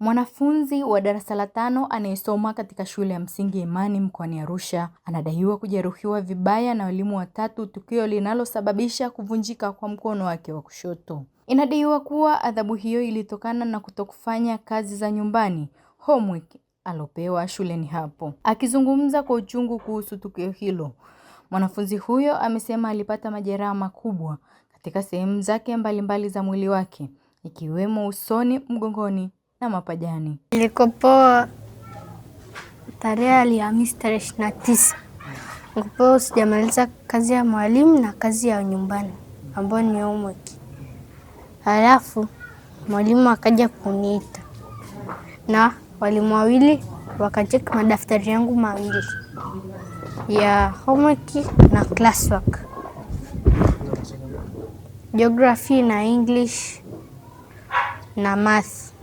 Mwanafunzi wa darasa la tano anayesoma katika shule ya msingi Imani mkoani Arusha anadaiwa kujeruhiwa vibaya na walimu watatu, tukio linalosababisha kuvunjika kwa mkono wake wa kushoto. Inadaiwa kuwa adhabu hiyo ilitokana na kutokufanya kazi za nyumbani homework alopewa shuleni hapo. Akizungumza kwa uchungu kuhusu tukio hilo, mwanafunzi huyo amesema alipata majeraha makubwa katika sehemu zake mbalimbali za mwili wake ikiwemo usoni, mgongoni na mapajani. Nilikopoa tarehe Alhamisi tarehe ishirini na tisa nikopoa, sijamaliza kazi ya mwalimu na kazi ya nyumbani ambayo ni homework. Halafu mwalimu akaja kuniita na walimu wawili wakacheki madaftari yangu mawili ya homework na classwork, geography na English na math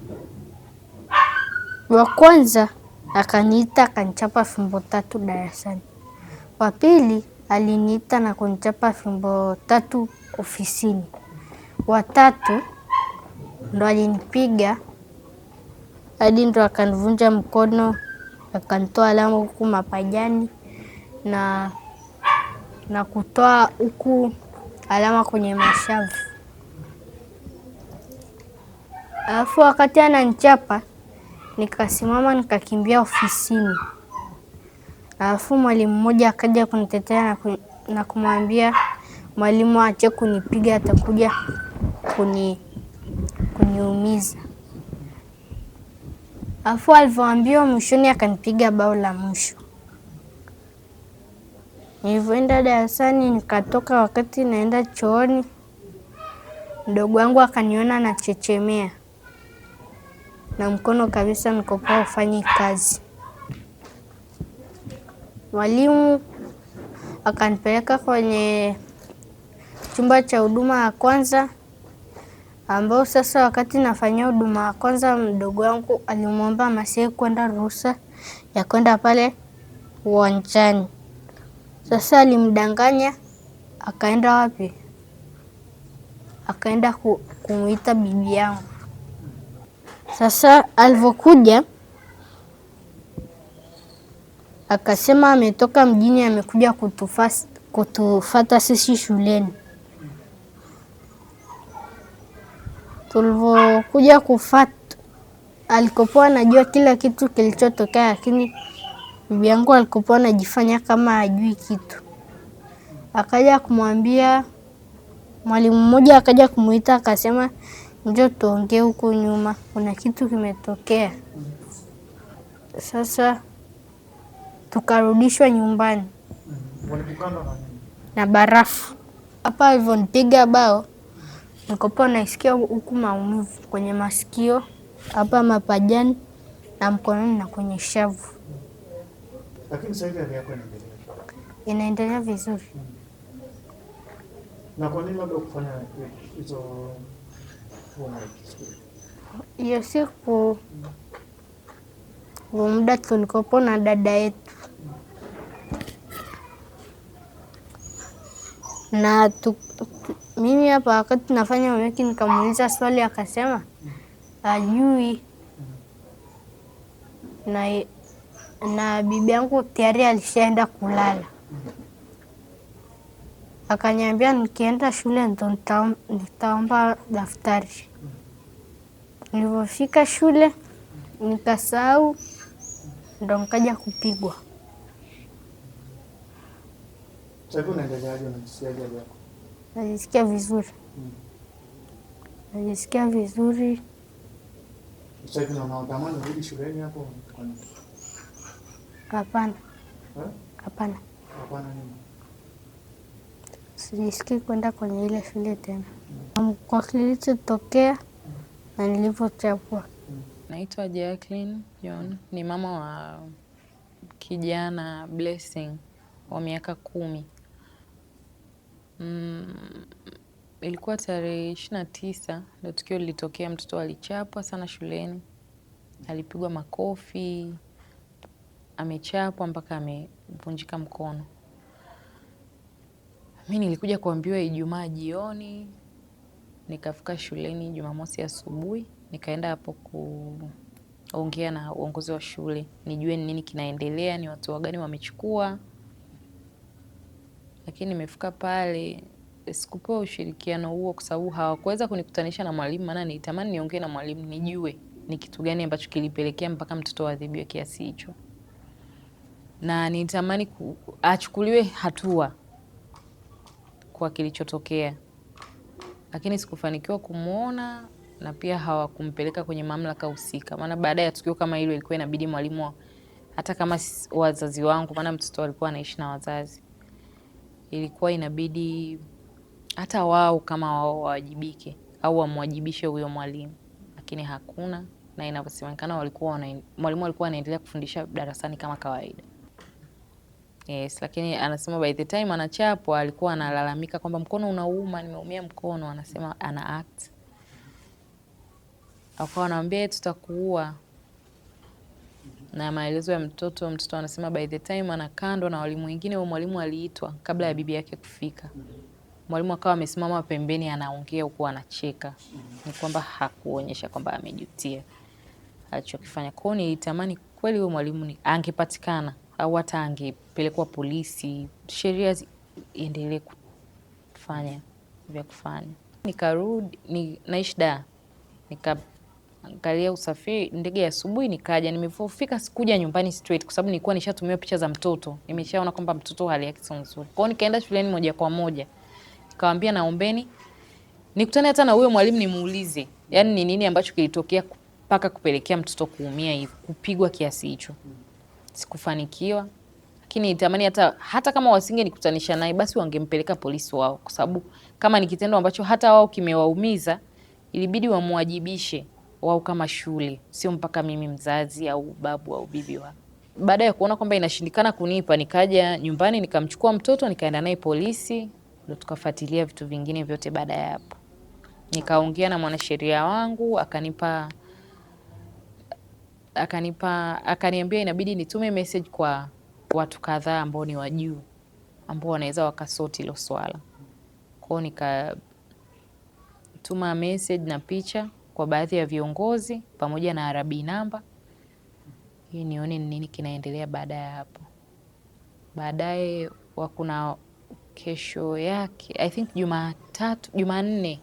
wa kwanza akaniita akanichapa fimbo tatu darasani. Wa pili aliniita na kunichapa fimbo tatu ofisini. Wa tatu ndo alinipiga hadi ndo akanivunja mkono akanitoa alama huku mapajani na, na kutoa huku alama kwenye mashavu. Alafu wakati ananichapa Nikasimama nikakimbia ofisini, alafu mwalimu mmoja akaja kunitetea na kumwambia mwalimu aache kunipiga, atakuja kuni kuniumiza. Alafu alivyoambiwa mwishoni, akanipiga bao la mwisho. Nilivyoenda darasani nikatoka, wakati naenda chooni, mdogo wangu akaniona nachechemea na mkono kabisa nikopoa ufanye kazi. Mwalimu akanipeleka kwenye chumba cha huduma ya kwanza, ambao sasa wakati nafanyia huduma ya kwanza, mdogo wangu alimwomba masie kwenda ruhusa ya kwenda pale uwanjani. Sasa alimdanganya akaenda wapi? Akaenda kumwita kumuita bibi yangu. Sasa alivyokuja akasema ametoka mjini, amekuja kutufata sisi shuleni. Tulivyokuja kufata, alikopoa anajua kila kitu kilichotokea, lakini bibi yangu alikopoa anajifanya kama ajui kitu. Akaja kumwambia mwalimu mmoja, akaja kumuita akasema Njo tuongee huku nyuma, kuna kitu kimetokea. Sasa tukarudishwa nyumbani na barafu. Hapa nipiga bao, nikopo naisikia huku maumivu kwenye masikio, hapa mapajani na mkononi na kwenye shavu. Lakini sasa hivi hali yako inaendelea? Inaendelea vizuri. Na kwa nini labda kufanya hizo hiyo siku muda tulikopo na dada yetu na tu, mimi hapa wakati nafanya mameki nikamuuliza swali akasema ajui, na, na bibi yangu tayari alishaenda kulala akaniambia nikienda shule ndo nitaomba daftari. Nilivyofika shule nikasahau, ndo nikaja kupigwa. Najisikia vizuri, hmm. najisikia vizuri. Eh? Hapana, hapana sijisikii kwenda kwenye ile shule tena, kwa kilichotokea na nilivyochapwa. Naitwa Jacqueline John, ni mama wa kijana Blessing wa miaka kumi. Mm, ilikuwa tarehe ishirini na tisa ndo tukio lilitokea. Mtoto alichapwa sana shuleni, alipigwa makofi, amechapwa mpaka amevunjika mkono. Mi nilikuja kuambiwa Ijumaa jioni, nikafika shuleni Jumamosi asubuhi, nikaenda hapo kuongea na uongozi wa shule nijue ni nini kinaendelea, ni watu wagani wamechukua. Lakini nimefika pale sikupewa ushirikiano huo, kwa sababu hawakuweza kunikutanisha na mwalimu, maana nilitamani niongee na mwalimu nijue ni kitu gani ambacho kilipelekea mpaka mtoto adhibiwe kiasi hicho, na nilitamani achukuliwe hatua kwa kilichotokea, lakini sikufanikiwa kumwona na pia hawakumpeleka kwenye mamlaka husika, maana baada ya tukio kama hilo ilikuwa inabidi mwalimu, hata kama wazazi wangu, maana mtoto alikuwa anaishi na wazazi, ilikuwa inabidi hata wao kama wao wawajibike au wamwajibishe huyo mwalimu, lakini hakuna. Na inavyosemekana walikuwa mwalimu alikuwa anaendelea kufundisha darasani kama kawaida. Yes, lakini anasema by the time anachapwa alikuwa analalamika kwamba mkono unauma, nimeumia mkono, anasema ana act. Akawa anamwambia tutakuua. Na maelezo ya mtoto, mtoto anasema by the time anakandwa na walimu wengine, wa mwalimu aliitwa kabla ya bibi yake kufika. Mwalimu akawa amesimama pembeni anaongea huku anacheka. Ni kwamba hakuonyesha kwamba amejutia alichokifanya. Kwa hiyo nilitamani kweli huyo mwalimu ni angepatikana au hata angepelekwa polisi, sheria iendelee kufanya vya kufanya. Nikarudi ni, naishi da nikaangalia usafiri ndege ya asubuhi, nikaja. Nimefika sikuja nyumbani straight, kwa sababu nilikuwa nishatumia picha za mtoto, nimeshaona kwamba mtoto hali yake sio nzuri. Kwao nikaenda shuleni moja kwa moja, nikawambia naombeni nikutane hata na huyo mwalimu nimuulize, yani ni nini ambacho kilitokea mpaka kupelekea mtoto kuumia hivi, kupigwa kiasi hicho sikufanikiwa, lakini nitamani hata hata kama wasingenikutanisha naye, basi wangempeleka polisi wao, kwa sababu kama ni kitendo ambacho hata wao kimewaumiza, ilibidi wamwajibishe wao kama shule, sio mpaka mimi mzazi au babu au bibi wa. Baada ya kuona kwamba inashindikana kunipa, nikaja nyumbani nikamchukua mtoto nikaenda naye polisi, ndo tukafuatilia vitu vingine vyote. Baada ya hapo, nikaongea na mwanasheria wangu akanipa akanipa akaniambia inabidi nitume message kwa watu kadhaa ambao ni wajuu ambao wanaweza wakasoti hilo swala. Kwao nikatuma message na picha kwa baadhi ya viongozi pamoja na arabi namba hii, nione ni nini kinaendelea baada ya hapo. Baadaye wakuna kesho yake I think Jumatatu, Jumanne,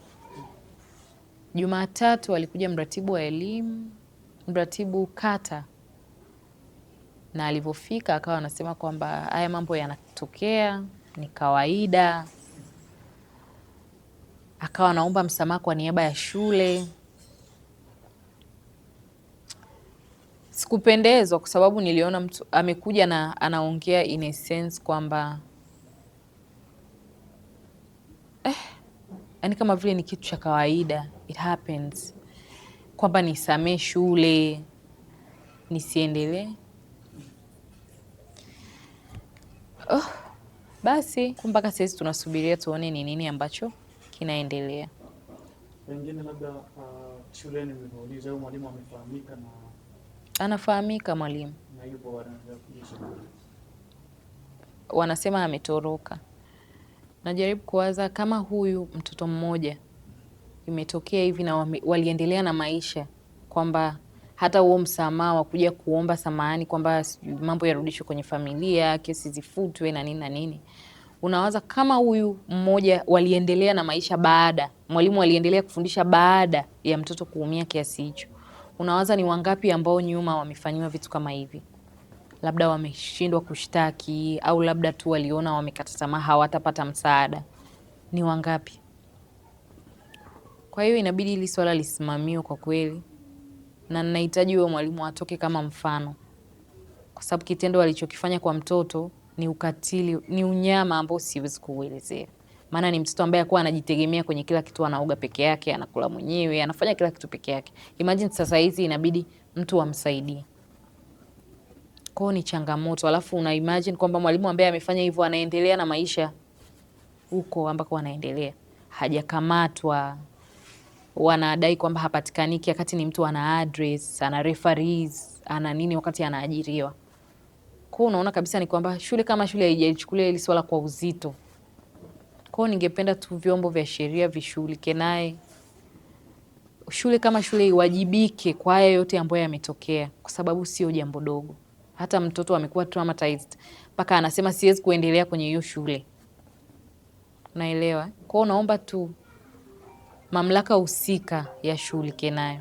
Jumatatu alikuja mratibu wa elimu mratibu kata, na alivyofika akawa anasema kwamba haya mambo yanatokea, ni kawaida. Akawa anaomba msamaha kwa niaba ya shule. Sikupendezwa kwa sababu niliona mtu amekuja na anaongea in a sense kwamba eh, yani kama vile ni kitu cha kawaida, it happens kwamba nisamee shule nisiendelee? Oh, basi mpaka sahizi tunasubiria tuone ni nini ambacho kinaendelea. Pengine labda uh, shuleni mlivyouliza mwalimu amefahamika na anafahamika mwalimu, wanasema ametoroka. Najaribu kuwaza kama huyu mtoto mmoja imetokea hivi na waliendelea na maisha kwamba hata huo msamaha wa kuja kuomba samahani kwamba mambo yarudishwe kwenye familia, kesi zifutwe na nini na nini. Unawaza kama huyu mmoja waliendelea na maisha baada, mwalimu aliendelea kufundisha baada ya mtoto kuumia kiasi hicho, unawaza ni wangapi ambao nyuma wamefanyiwa vitu kama hivi, labda wameshindwa kushtaki au labda tu waliona wamekata tamaa, hawatapata msaada. Ni wangapi? Kwa hiyo inabidi hili swala lisimamiwe kwa kweli, na ninahitaji huyo mwalimu atoke kama mfano, kwa sababu kitendo alichokifanya kwa mtoto ni ukatili, ni unyama ambao siwezi kuuelezea. Maana ni mtoto ambaye alikuwa anajitegemea kwenye kila kitu, anaoga peke yake, anakula mwenyewe, anafanya kila kitu peke yake. Imagine sasa hizi inabidi mtu amsaidie. Kwao ni changamoto, alafu una imagine kwamba mwalimu ambaye amefanya hivyo anaendelea na maisha huko ambako anaendelea, hajakamatwa wanadai kwamba hapatikaniki, wakati ni mtu ana address, ana referees, ana nini, wakati anaajiriwa. Kwa unaona kabisa ni kwamba shule kama shule haijachukulia hili swala kwa uzito. Kwa ningependa tu vyombo vya sheria vishughulike naye, shule kama shule iwajibike kwa haya yote ambayo yametokea, kwa sababu sio jambo dogo. Hata mtoto amekuwa traumatized mpaka anasema siwezi kuendelea kwenye hiyo shule. Naelewa. Kwa naomba tu mamlaka husika yashughulike nayo.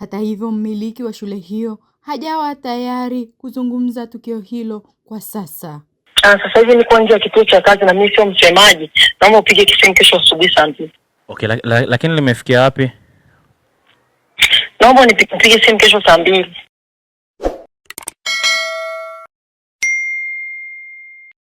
Hata hivyo, mmiliki wa shule hiyo hajawa tayari kuzungumza tukio hilo kwa sasa. Ah, sasa hivi niko nje ya kituo cha kazi na mimi sio msemaji, naomba upige kisimu kesho asubuhi saa mbili. Okay, la, la, lakini limefikia wapi? Naomba nipige simu kesho saa mbili.